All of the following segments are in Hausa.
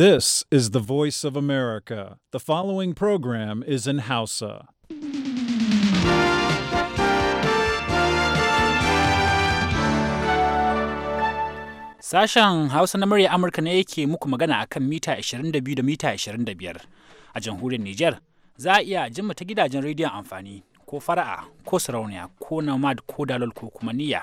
This is the voice of America. The following program is in Hausa. Sashen Hausa na murya Amurka ne yake muku magana a kan mita 22 da mita 25 a jamhuriyar Nijar. Za a iya jin ta gidajen rediyon amfani ko fara'a ko sarauniya ko namad ko dalol ko kuma niyya.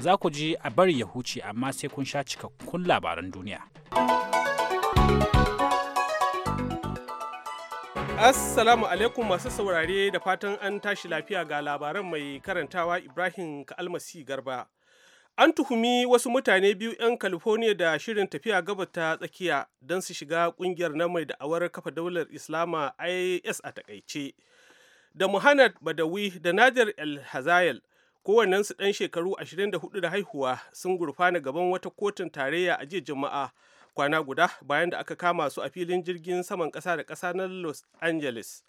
za ku ji a bari ya huce amma sai kun sha cikakkun labaran duniya. Assalamu alaikum masu saurare da fatan an tashi lafiya ga labaran mai karantawa Ibrahim Kalmasi Garba. An tuhumi wasu mutane biyu 'yan California da shirin tafiya gaba ta tsakiya don su shiga kungiyar na mai da'awar kafa daular Islama IS a takaice. Da Muhammad Badawi da Nadir El Hazayel kowannensu ɗan shekaru 24 da haihuwa sun gurfana gaban wata kotun tarayya a jiya jama'a kwana guda bayan da aka kama su a filin jirgin saman ƙasa da ƙasa na los angeles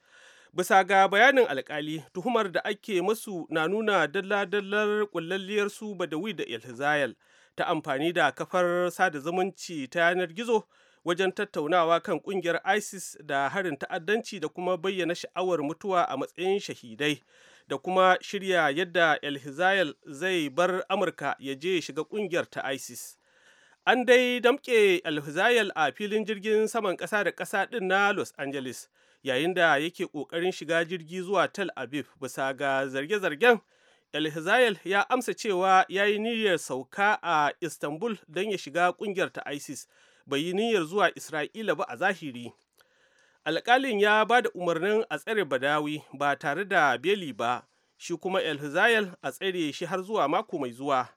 bisa ga bayanin alkali tuhumar da ake masu na nuna dalla-dallar kullalliyar su badawi da ilhizayal ta amfani da kafar sada zumunci ta yanar gizo wajen tattaunawa kan kungiyar isis da harin ta'addanci da kuma bayyana sha'awar mutuwa a matsayin shahidai da kuma shirya yadda El Hizayel zai bar Amurka ya je shiga kungiyar ta ISIS. An dai damƙe El Hizayel a filin jirgin saman ƙasa da ƙasa ɗin na Los Angeles yayin da yake ƙoƙarin shiga jirgi zuwa Tel Aviv bisa ga zarge-zargen El Hizayel ya amsa cewa ya yi niyyar sauka a Istanbul don ya shiga ƙungiyar ta ISIS bai yi niyyar zuwa Isra'ila ba a zahiri. alƙalin ya ba da umarnin a tsare badawi ba tare da beli ba shi kuma elhazayel a tsare shi har zuwa mako mai zuwa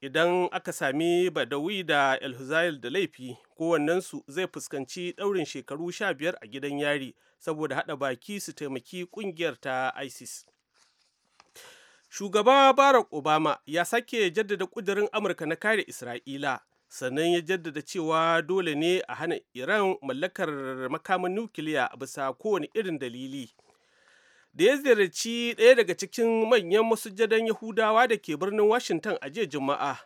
idan aka sami badawi da elhazayel da laifi kowannensu zai fuskanci ɗaurin shekaru sha biyar a gidan yari saboda haɗa baki su taimaki ƙungiyar ta isis shugaba barack obama ya sake jaddada ƙudurin amurka na kare isra'ila sannan ya jaddada cewa dole ne a hana iran mallakar makaman nukiliya bisa kowane irin dalili da ya ziyarci ɗaya daga cikin manyan masujadan yahudawa da ke birnin washington a jiya juma'a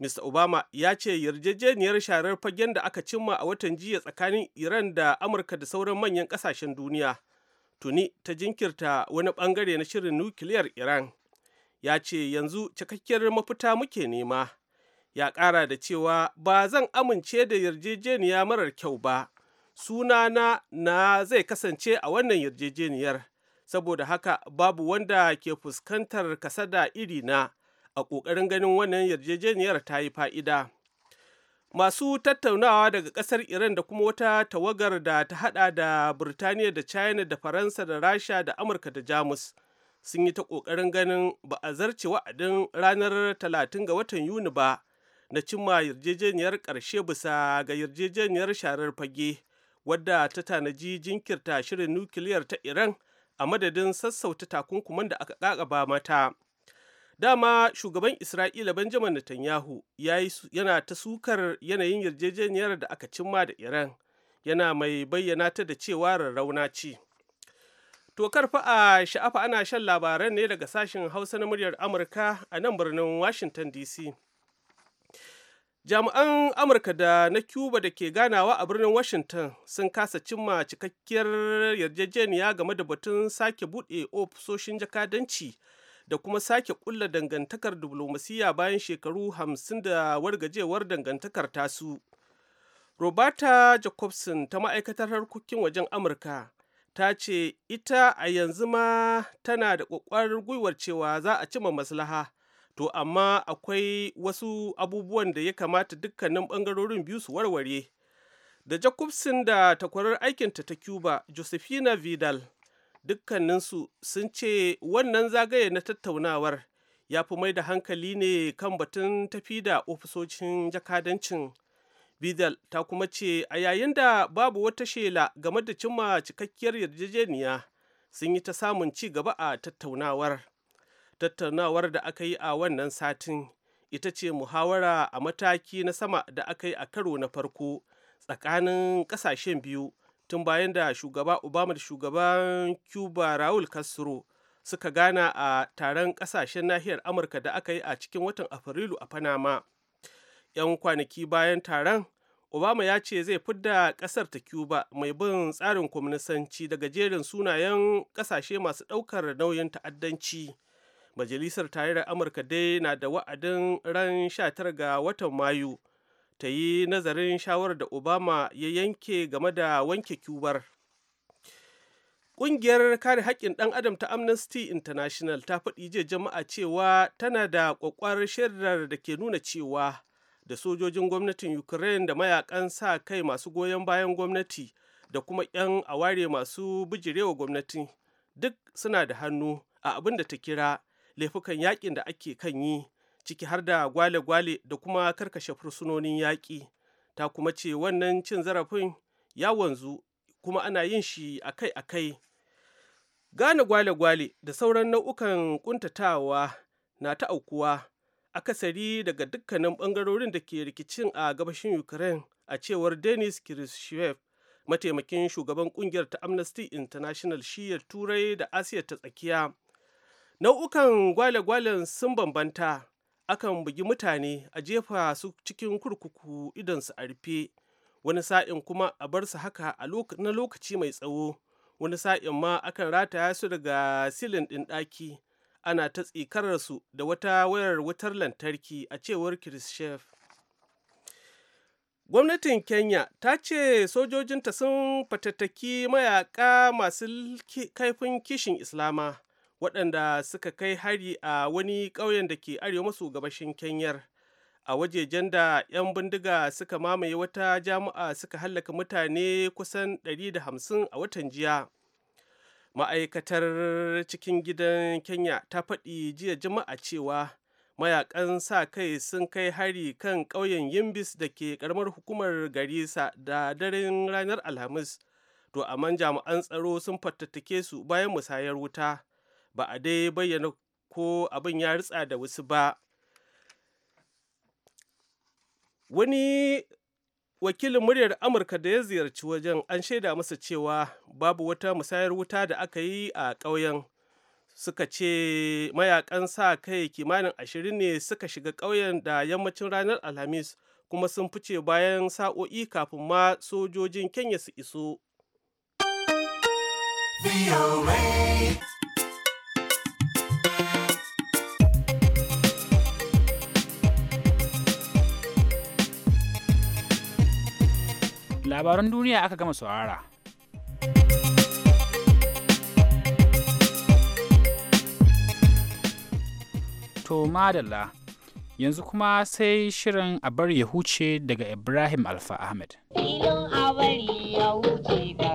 mr obama ya ce yarjejeniyar sharar fagen da aka cimma a watan jiya tsakanin iran da amurka da sauran manyan ƙasashen duniya tuni ta jinkirta wani bangare na shirin nukiliyar iran ya ce yanzu cikakkiyar mafita muke nema ya ƙara da cewa ba zan amince da yarjejeniya marar kyau ba sunana na zai kasance a wannan yarjejeniyar saboda haka babu wanda ke fuskantar kasada iri na a ƙoƙarin ganin wannan yarjejeniyar ta yi fa'ida masu tattaunawa daga ƙasar iran da kuma wata tawagar da ta haɗa da birtaniya da china da faransa da rasha da amurka da jamus sun yi ta ƙoƙarin ganin ba a zarce wa'adin ranar 30 ga watan yuni ba na cimma yarjejeniyar ƙarshe bisa ga yarjejeniyar sharar fage wadda ta tanaji jinkirta shirin nukiliyar ta iran a madadin sassauta takunkuman da aka ƙaƙaba mata dama shugaban isra'ila benjamin netanyahu yana ta sukar yanayin yarjejeniyar da aka cimma da iran yana mai bayyana ta da cewa rarrauna ce to karfa a sha'afa ana shan labaran ne daga sashen hausa na muryar amurka a nan birnin washington dc jami'an amurka da na cuba da ke ganawa a birnin washington sun kasa cimma cikakkiyar yarjejeniya game da batun sake buɗe ofisoshin jakadanci da kuma sake ƙulla dangantakar diflomasiyya bayan shekaru hamsin da wargajewar dangantakar tasu roberta jacobson ta ma'aikatar harkokin wajen amurka ta ce ita a yanzu ma tana da ƙwaƙwarar gwiwar cewa za a cima maslaha To amma akwai wasu abubuwan da ya kamata dukkanin ɓangarorin biyu su warware. Da Jacobson da takwarar aikinta ta Cuba, Josefina Vidal, dukkaninsu sun ce wannan zagaye na tattaunawar ya fi mai da hankali ne kan batun tafi da ofisocin jakadancin. Vidal ta kuma ce a yayin da babu wata shela game da cimma cikakkiyar yarjejeniya sun yi ta samun ci gaba a tattaunawar. tattaunawar da aka yi a wannan satin ita ce muhawara a mataki na sama da aka yi a karo na farko tsakanin kasashen biyu tun bayan da shugaba obama da shugaban cuba raul castro suka gana a taron kasashen nahiyar amurka da aka yi a cikin watan afrilu a panama 'yan kwanaki bayan taron obama ya ce zai fidda kasar ta cuba mai bin tsarin kwamnisanci daga jerin sunayen kasashe masu ɗaukar nauyin ta'addanci majalisar tarayyar amurka dai na da wa'adin ran 19 ga watan mayu ta yi nazarin shawarar da obama ya yanke game da wanke cubar Ƙungiyar kare haƙƙin ɗan adam ta Amnesty International ta faɗi jiya jama'a cewa tana da ƙwaƙwar shirar da ke nuna cewa da sojojin gwamnatin Ukraine da mayakan sa kai masu goyon bayan gwamnati da kuma 'yan aware masu bijirewa gwamnati duk suna da hannu a abin da ta kira laifukan yakin da ake kan yi ciki har da gwale-gwale da kuma karkashe fursunonin yaƙi ta kuma ce wannan cin zarafin ya wanzu kuma ana yin shi akai-akai gane gwale-gwale da sauran nau'ukan kuntatawa na ta aukuwa akasari daga dukkanin bangarorin da ke rikicin a gabashin ukraine a cewar denis kirishev mataimakin shugaban kungiyar ta amnesty international shiyar turai da asiya ta tsakiya Nau'ukan gwale-gwalen sun bambanta, akan bugi mutane a jefa su cikin kurkuku idonsu a rufe, wani sa'in kuma a bar su haka na lokaci mai tsawo, wani sa'in ma akan rataya su daga silin ɗin ɗaki, ana ta su da wata wayar wutar lantarki a cewar Khrushchev. Gwamnatin Kenya ta ce sojojinta sun fatattaki mayaka masu kaifin kishin Islama waɗanda suka kai hari a wani ƙauyen da ke arewa maso gabashin kenyar a wajejen da 'yan bindiga suka mamaye wata jami'a suka hallaka mutane kusan 150 a watan jiya ma'aikatar cikin gidan kenya ta faɗi jiya jama'a cewa mayakan sa kai sun kai hari kan ƙauyen yimbis da ke ƙaramar hukumar garisa da daren ranar alhamis to amma jami'an tsaro sun fatattake su bayan musayar wuta ba a dai bayyana ko abin ya ritsa da wasu ba wani wakilin muryar amurka da ya ziyarci wajen an shaida masa cewa babu wata musayar wuta da aka yi a ƙauyen suka ce mayakan sa kai kimanin ashirin ne suka shiga ƙauyen da yammacin ranar alhamis kuma sun fice bayan sa'o'i kafin ma sojojin kenya su iso labaran duniya aka gama saurara. To madalla yanzu kuma sai shirin a bar ya huce daga Ibrahim Alfa Ahmed. Filin a bari ya huce ga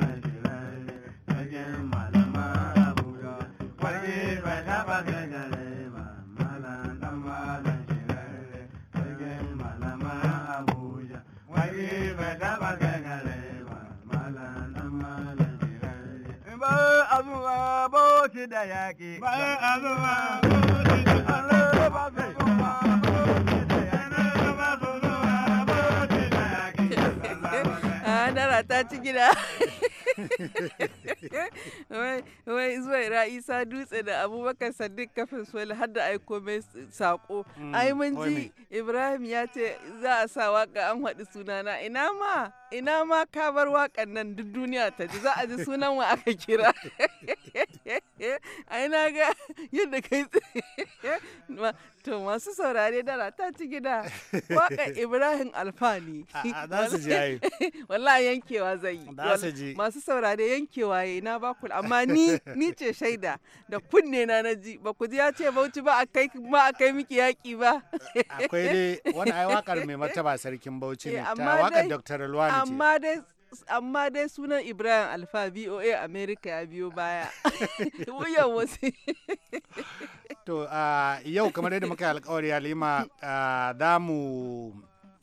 gudu da yaƙi. Bayan a gudu da ba ta ci gida. wai zuwa ra'isa dutse da abubakar sadiq kafin suwali har da aiko mai sako mm, ai mun ji ibrahim ya ce za a sa waka an haɗi sunana ina ma ina ma ka bar wakan nan duk duniya ta ji za a ji sunan wa aka kira ai na ga yadda kai To masu saurare dara ta ci gida waka Ibrahim Alfani. Za su ji yayi. Wallah yankewa zai yi. Za su ji. Masu saurare yankewa yayi na baku amma ni ni ce shaida da kunne na na ji ba ku ji ya ce Bauchi ba a kai ma miki yaki ba. Akwai dai wani ai wakar mai martaba sarkin Bauchi ne eh, ta wakar Dr. Alwani ce. Amma dai amma dai sunan ibrahim alfa voa america ya biyo baya wuyan wasu to yau kamar yadda muka alkawari halima za mu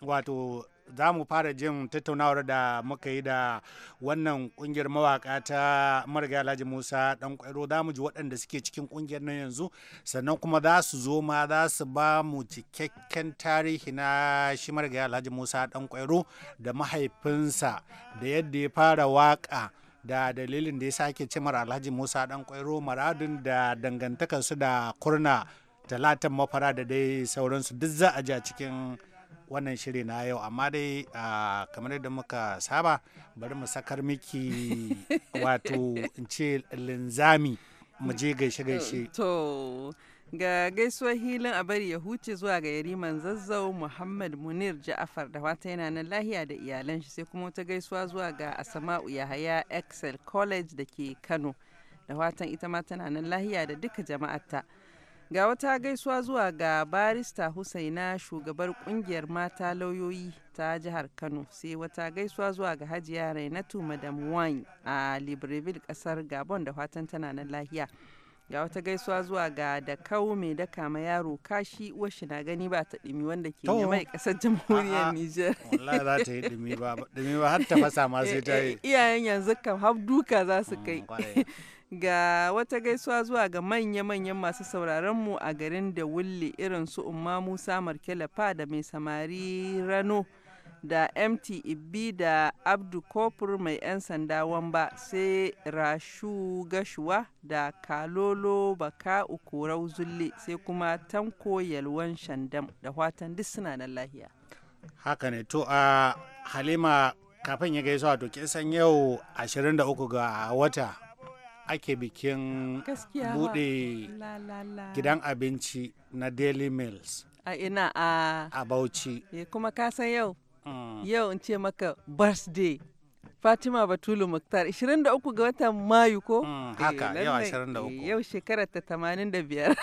wato za mu fara jin tattaunawar da muka yi da wannan kungiyar mawaka ta marigayi alhaji musa dan kwairo za mu ji waɗanda suke cikin kungiyar nan yanzu sannan kuma za su zo ma za su ba mu cikakken tarihi na shi marigayi alhaji musa dan kwairo da mahaifinsa da yadda ya fara waka da dalilin da ya sake cimar alhaji musa dan kwairo maradin da dangantakarsu da kurna talatin mafara da dai sauransu duk za a ji a cikin wannan shiri na yau amma dai kamar yadda muka saba bari mu sakar miki wato in ce linzami mu je gaishe gaishe to ga gaisuwar hilin a bari ya huce zuwa ga yariman zazzau muhammad munir ja'afar da wata yana nan lahiya da iyalan shi sai kuma wata gaisuwa zuwa ga asama'u yahaya excel college da ke kano da watan ita ma tana nan lahiya da duka jama'arta Ga wata gaisuwa zuwa ga barista Husaina shugabar kungiyar mata lauyoyi ta jihar Kano sai wata gaisuwa zuwa ga Hajiya Rainatu Madam Wine a Libreville kasar Gabon da fatan tana nan lahiya. Ga wata gaisuwa zuwa ga da kawo mai daka ma yaro kashi uwar na gani ba ta dimi wanda ke mai kasar jamhuriyar Nijar. Wallahi za ta yi dimi ba, dimi ba har ta fasa ma sai ta yi. Iyayen yanzu kam har duka za su mm, kai. ga wata gaisuwa zuwa ga manya-manyan masu sauraronmu a garin da wulle irin su umma musa markelefa da mai samari rano da mt ibi da abdu kofur mai 'yan sanda wamba sai rashu gashuwa da kalolo baka ukurau zulle sai kuma tanko yalwan shandam da watan duk suna nan lahiya haka ne to a halima kafin ya gaisuwa to kisan yau 23 ga wata ake bikin bude gidan abinci na daily meals a ina a a bauchi eh, kuma ka san yau mm. yau in ce maka birthday Fatima Batulu Muktar 23 ga watan Mayu ko? Mm, eh, haka yau 23. Eh, yau shekarar ta 85.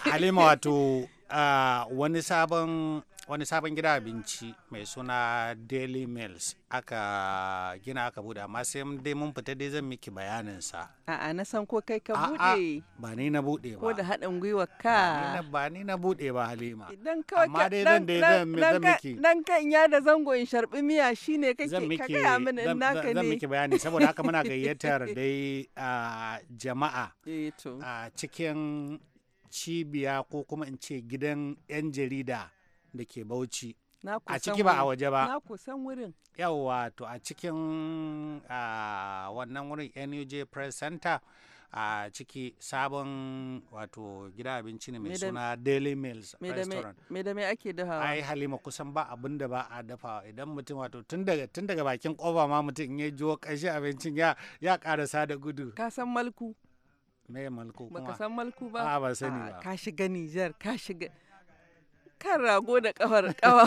Halima wato ah, wani sabon wani sabon gida abinci mai suna daily mills aka gina aka bude amma sai dai mun fita dai zan miki bayanin sa a'a na san ko kai ka bude ba ni na bude ba ko da haɗin gwiwa ka ba ni na bude ba halima idan kawai amma dai zan dai zan miki dan kan ya da zango in sharbi miya shine kake ka ga min in naka ne zan miki bayani saboda haka muna gayyatar dai jama'a eh, a cikin cibiya ko kuma in ce gidan 'yan jarida da ke bauchi a ciki ba a waje ba na kusan wurin yawwa to a cikin wannan wurin nuj press center a ciki sabon wato gida abinci ne mai suna daily meals restaurant me da me ake ai halima kusan ba abin da ba a dafa idan mutum wato tun daga tun daga bakin kofa ma mutum in ya jiwo kashi abincin ya ya karasa da gudu ka san malku me malku kuma ka san malku ba a ba sani ba ka shiga Niger ka shiga kan rago da kawar kawa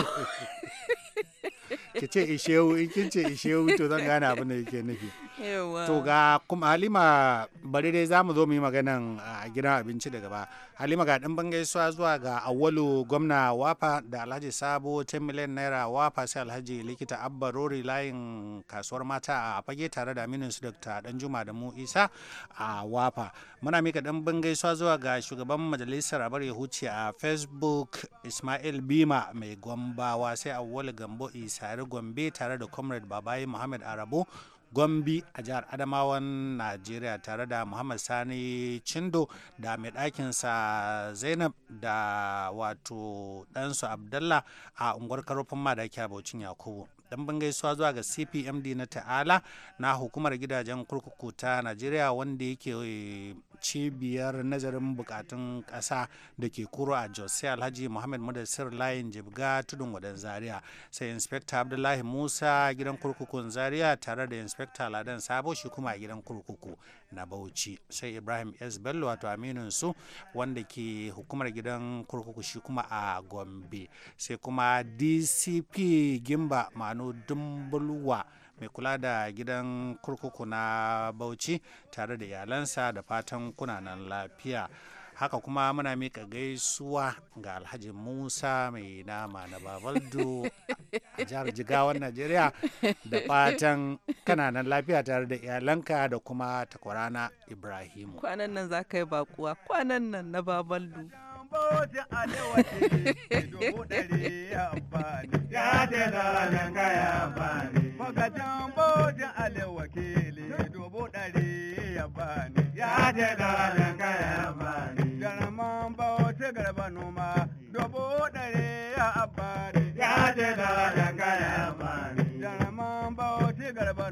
ki ce in kin ce ishewu to zan gane abin da yake nufi to ga kuma halima bari dai za mu zo mu yi maganan a gidan abinci da gaba. halima ga dan bangai suwa zuwa ga Awalu. gwamna wafa da alhaji sabo 10 miliyan naira wafa sai alhaji likita abba rori layin kasuwar mata a fage tare da aminin su dr danjuma da mu isa a wafa muna mika dan bangai suwa zuwa ga shugaban majalisar abar yahuci a facebook ismail bima mai gwambawa, sai Awalu gambo isa jihar gombe tare da comrade Babayi muhammad arabo gombe a jihar adamawan najeriya tare da muhammad sani chindo da mai ɗakinsa zainab da wato ɗansu abdallah a unguwar karofin madaki a Bauchin yakubu dan ban gaisuwa zuwa ga cpmd na ta'ala na hukumar gidajen kurkuku ta najeriya wanda yake cibiyar nazarin bukatun ƙasa da ke kuro a jos sai alhaji muhammad madasir layin jibga tudun wadan zaria sai inspector abdullahi musa gidan kurkukun zaria tare da inspector ladan sabo shi kuma a gidan kurkuku na bauchi sai ibrahim s bello wato aminin su wanda ke hukumar gidan kurkuku shi kuma a gombe sai kuma dcp gimba manu dumbulwa mai kula da gidan kurkuku na bauchi tare da iyalansa da fatan kunanan lafiya haka kuma muna mika gaisuwa ga alhaji musa mai nama na babaldo a jihar jigawan najeriya da fatan kananan lafiya tare da iyalanka da kuma takwarana ibrahimu kwanan nan za ka yi bakuwa kwanan nan na babaldo soja a yawa ce dubu ɗari ya bani. Ya ce zalalan ka ya bani. Magajin boja a yawa ke dubu ɗari ya Ya ce zalalan ka ya Jaraman bauta garba noma dubu ɗari ya Ya ce zalalan ka ya Jaraman bauta garba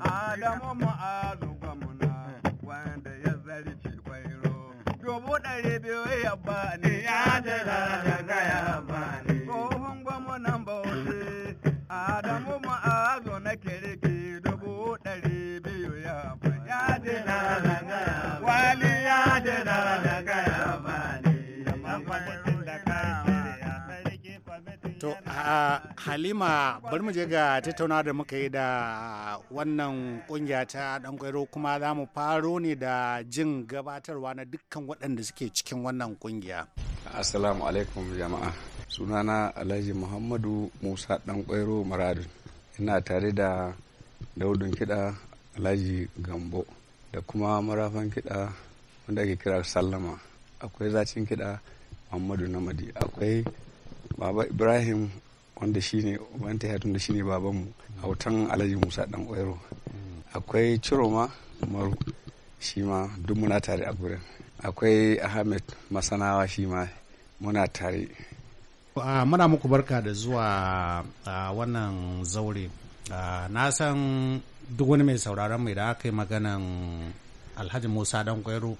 Adamu ma'azu gwamna wanda ya zarce kwairo. Dubu ɗari biyu ya bani. Ya jira daga ya bani. Tsohon gwamnan bauchi Adamu halima bari mu je ga tattauna da muka yi da wannan kungiya ta dan kwairo kuma za mu faro ne da jin gabatarwa na dukkan waɗanda suke cikin wannan kungiya assalamu alaikum jama'a sunana alhaji muhammadu musa dan kwairo Maradin ina tare da daudun kiɗa alhaji gambo da kuma marafan kiɗa wanda ake kira sallama akwai zacin kiɗa muhammadu namadi akwai baba ibrahim wanda ne wanda ya tunda ne babanmu hoton alhaji musa dan oyaro akwai ciroma maru shi ma duk muna tare a gurin akwai ahmed masanawa shi ma muna tare muna muku barka da zuwa a wannan zaure na san duk wani mai sauraron mai da aka yi maganan alhaji musa dan kwairo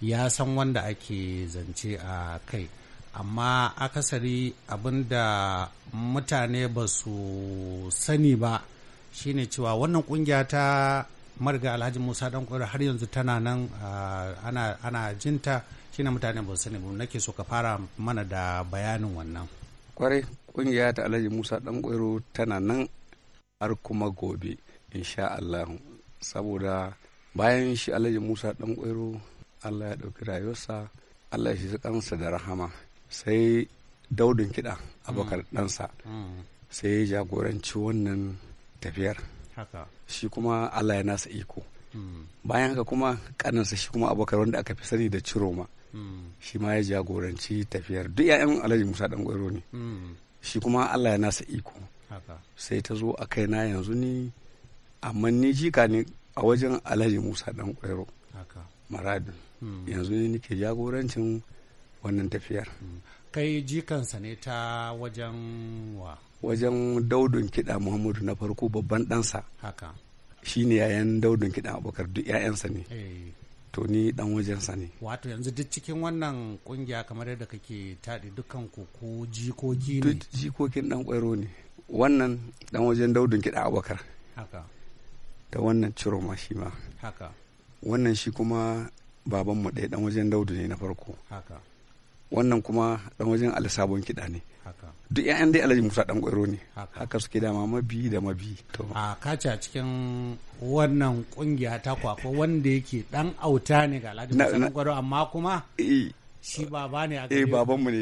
ya san wanda ake zance a kai amma akasari abinda mutane ba su sani ba shine cewa wannan kungiya ta marga alhaji musa dan har yanzu tana nan ana jinta shine mutane ba su sani ba nake so ka fara mana da bayanin wannan kwarai kungiya ta alhaji musa dan tana nan har kuma gobe insha Allah saboda bayan shi alhaji musa dan kwaro allah ya ɗauki rayuwarsa allah ya shi kansa da rahama sai daudin kiɗa abokan mm. ɗansa mm. sai ya jagoranci wannan tafiyar shi kuma allah ya nasa iko mm. bayan haka kuma ƙaninsa shi kuma abokan wanda aka fi sani da ciroma shi ma ya jagoranci tafiyar duk 'ya'yan alhaji musa dan gwaro ne shi kuma allah ya nasa iko sai ta zo a kai na yanzu ni amma ni jika ne a wajen alhaji musa dan gwaro maradin yanzu ne nike jagorancin wannan tafiyar kai jikansa ne ta wajen wa wajen daudun kiɗa muhammadu na farko babban ɗansa haka shi ne yayan daudun kiɗa abokar duk 'ya'yansa ne eh. to ni ɗan wajensa ne wato yanzu duk cikin wannan kungiya kamar yadda kake taɗi dukkan ku jikoki ne duk jikokin dan kwairo ne wannan dan wajen daudun kiɗa abokar haka da wannan ciro ma shi ma haka wannan shi kuma babanmu ɗaya dan wajen daudu ne na farko haka wannan kuma dan wajen alisabon kiɗa ne duk yayan dai alhaji musa dan ƙwairo ne haka suke dama mabi da mabi a kace cikin wannan kungiya ta kwakwa wanda yake dan auta ne ga alhaji musa dan ƙwairo amma kuma eh. shi baba ne a gare eh babanmu ne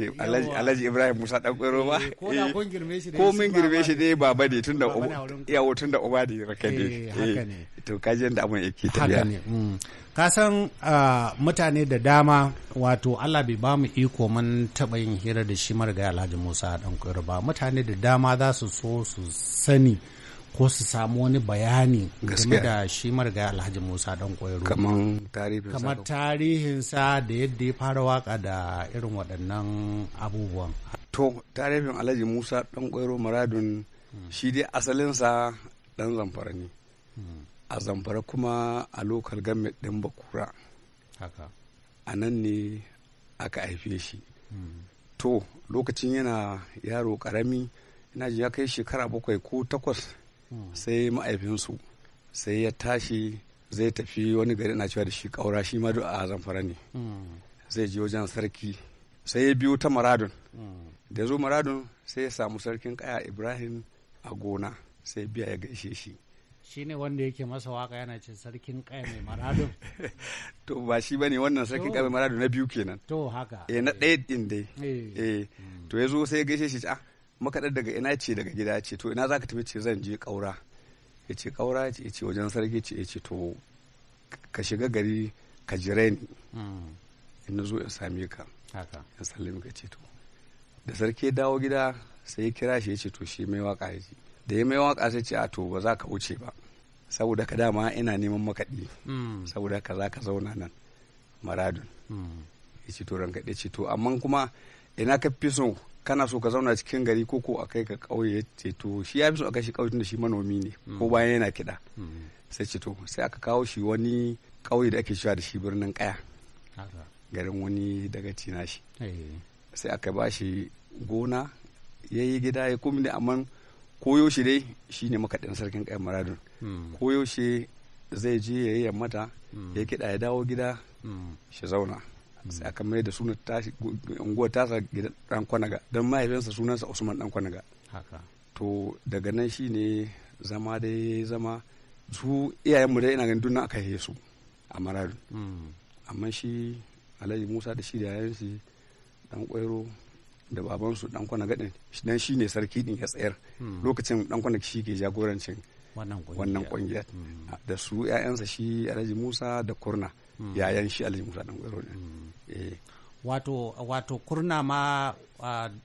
alhaji ibrahim musa dan kwero ba eh, ko da eh, kun girme shi ko mun girme shi ne baba ne tunda da uba ne raka ne eh, haka ne to kaji yanda abun yake tafiya haka ne mm. ka san ah, mutane da dama wato Allah bai ba mu iko mun taba yin hira da shi marigayi alhaji musa dan kwero ba mutane da dama za su so su sani ko su samu wani bayani game da shi marga alhaji musa dan koyaro kamar tarihinsa da yadda ya fara waka da irin waɗannan abubuwan to tarihin alhaji musa dan koyaro maradun hmm. shi dai asalinsa dan zamfara ne hmm. a zamfara kuma a lokal gamet ɗin bakura a nan ne aka haife shi hmm. to lokacin yana yaro karami ina ji ya kai shekara bakwai ko takwas sai ma'aifinsu sai ya tashi zai tafi wani gari na cewa da shi kaura shi ma a zamfara ne zai je wajen sarki sai ya biyo ta maradun da zo maradun sai ya samu sarkin kaya ibrahim a gona sai biya ya gaishe shi shi ne wanda yake masa waka yana ce sarkin kaya mai maradun to ba shi ba ne wannan sarkin kaya mai maradun na biyu kenan to haka eh na ɗaya ɗin dai eh, eh. Hmm. to ya zo sai ya gaishe shi ah makaɗar daga ina ce daga gida ce to ina za ka tafi ce zan je ƙaura ya ce ƙaura ya ce wajen sarki ce ya ce to ka shiga gari ka jire ni hmm. in zo in same ka in sallami ka ce to da sarki ya dawo gida sai ya kira shi ya ce to shi mai waka ya ce da ya mai waka sai ce a to ba za ka wuce ba saboda ka dama ina neman makaɗi hmm. saboda ka za ka zauna nan maradun hmm. ya ce to ranka ya ce to amma kuma ina ka fi so kana so ka zauna cikin gari ko ko a kai ka kauye ya ceto shi ya fi so a kashi kauye tunda shi manomi ne ko mm. bayan yana kiɗa mm. sai ce to sai aka kawo shi wani kauye da ake cewa da shi birnin kaya garin wani daga cina shi eh. sai aka ba shi gona ya yi gida ya komi da amman koyo shi dai shi ne makaɗin sarkin kaya maradun mm. koyo zai je ya yi yammata ya kiɗa ya dawo gida shi zauna Mm. sai aka mai da sunan tashi unguwar tasa gidan dan kwanaga don mahaifinsa sunansa usman dan kwanaga to daga nan shi ne zama dai zama su mu dai ina ganin dunna aka yi su a mararu mm. amma shi alhaji musa da shi da yayan shi dan kwairo da babansu dan kwanaga din dan shi ne sarki din ya tsayar mm. lokacin dan kwanaga shi ke jagorancin wannan kungiyar da su 'ya'yansa shi alhaji musa da kurna yayan shi alhaji musa dan gwero ne eh. wato wato kurna ma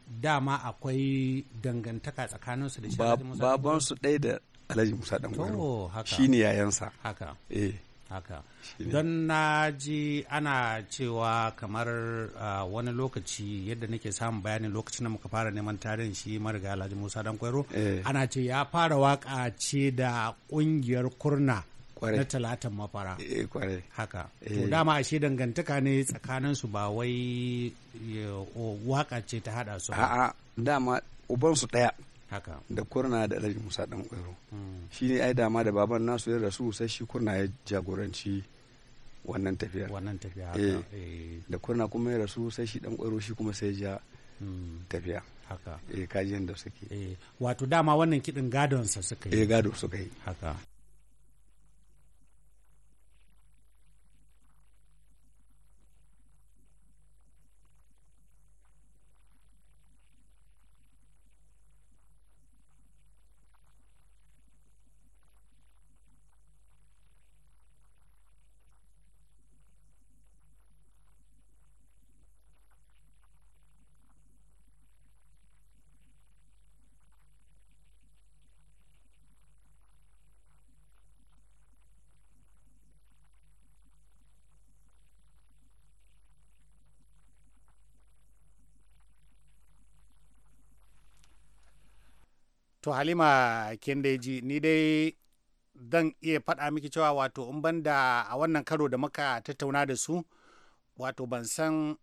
dama akwai dangantaka tsakanin su da shi alhaji musa baban su ɗaya da alhaji musa dan gwero shine yayansa haka eh haka don na ji ana cewa kamar wani lokaci yadda nake samun bayanin lokacin da muka fara neman tarihin shi mariga alhaji musa dan kwairo eh. ana ce ya fara waka ce da kungiyar kurna na talatan mafara eh, haka to eh. dama ashe dangantaka ne tsakanin su ba wai waka ce ta hada su a'a dama uban su daya haka da kurna da alhaji musa dan kwairo hmm. shi ne ai dama da baban nasu ya rasu sai shi kurna ya jagoranci wannan tafiya wannan tafiya haka eh. da kurna kuma ya rasu sai shi dan kwairo shi kuma sai ya hmm. tafiya haka eh kajin da suke eh wato dama wannan kidin gadon sa suka yi eh gado suka yi haka to halima kin ni dai zan iya faɗa miki cewa wato in banda a wannan karo da muka tattauna da su wato ban san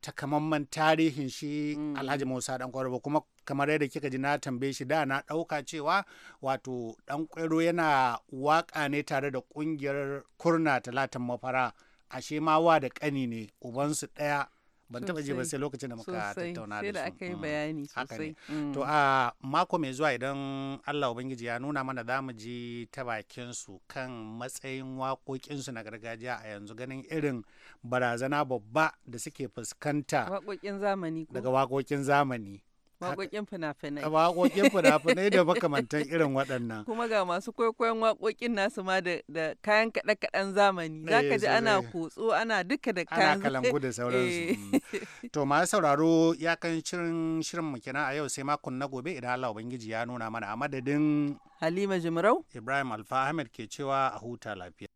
takamamman tarihin shi mm. alhaji musa dan kwaro ba kuma kamar yadda kika ji na tambaye shi da na ɗauka cewa wato dan kwaro yana waka ne tare da ƙungiyar kurna talatan mafara ashe ma wa da ƙani ne ubansu ɗaya ban taba ji ba sai lokacin da muka tattauna da su sai aka yi mm. bayani sosai to mm. a mako mai zuwa idan Allah ubangiji ya nuna mana za mu ji ta bakin su kan matsayin waƙoƙin su na gargajiya a yanzu ganin irin barazana babba da suke fuskanta daga waƙoƙin zamani Waƙoƙin fina-finai. Waƙoƙin fina-finai da makamantan irin waɗannan. Kuma ga masu kwaikwayon waƙoƙin nasu ma da kayan kaɗe-kaɗen zamani. Eh, Za ka ji ana kutso ana duka da kayan. Ana kalangu da sauransu. Eh. Mm. To masu sauraro ya kan shirin shirin mu kenan a yau sai makon na gobe idan Allah Ubangiji ya nuna mana a madadin. Halima Jimarau. Ibrahim Alfa Ahmed ke cewa a huta lafiya.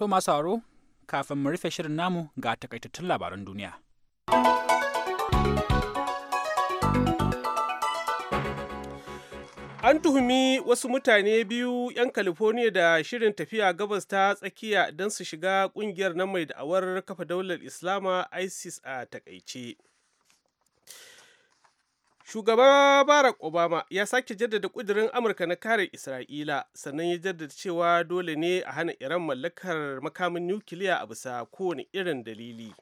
To masu sauraro kafin mu rufe shirin namu ga takaitattun labaran duniya. An tuhumi wasu mutane biyu 'yan California da shirin tafiya gabas ta tsakiya don su shiga kungiyar na mai da'awar kafa daular Islama ISIS a takaice. Shugaba Barack Obama ya sake jaddada kudirin Amurka na kare Isra'ila sannan ya jaddada cewa dole ne a hana Iran mallakar makamin nukiliya a bisa kowane irin dalili.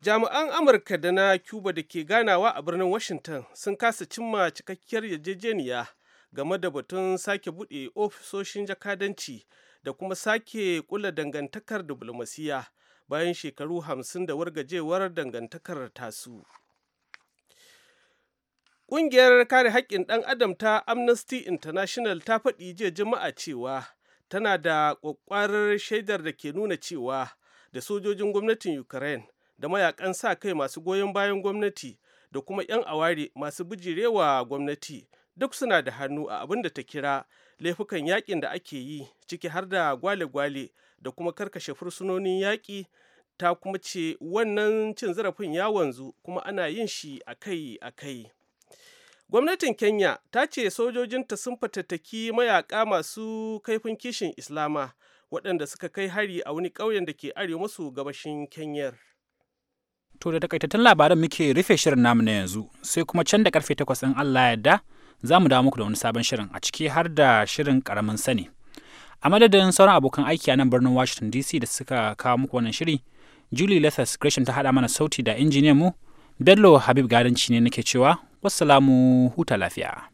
Jami'an Amurka da na Cuba da ke ganawa a birnin Washington sun kasa cimma cikakkiyar yarjejeniya game da batun sake buɗe ofisoshin jakadanci da kuma sake kula dangantakar diplomasiya bayan shekaru hamsin da wargajewar dangantakar tasu. Ƙungiyar kare haƙƙin ɗan adam ta Amnesty International ta faɗi jiya Juma'a cewa tana da ƙwaƙƙwarar shaidar da ke nuna cewa da sojojin gwamnatin Ukraine da mayakan sa kai masu goyon bayan gwamnati da kuma 'yan aware masu bijirewa gwamnati duk suna da hannu a abin da ta kira laifukan yaƙin da ake yi ciki har da gwale-gwale da kuma karkashe fursunonin yaƙi ta kuma ce wannan cin zarafin ya wanzu kuma ana yin shi akai-akai. Gwamnatin Kenya ta ce sojojinta sun fatattaki mayaka masu kaifin kishin Islama waɗanda suka kai hari a wani ƙauyen da ke arewa masu gabashin Kenyar. To da takaitattun labaran muke rufe shirin namu na yanzu sai kuma can da karfe takwas in Allah ya yarda za mu dawo muku da wani sabon shirin a ciki har da shirin karamin sani. A madadin sauran abokan aiki a nan birnin Washington DC da suka kawo muku wannan shiri, Julie Lethers Gresham ta haɗa mana sauti da injiniyan mu, Bello Habib Gadanci ne nake cewa Wassalamu huta lafiya.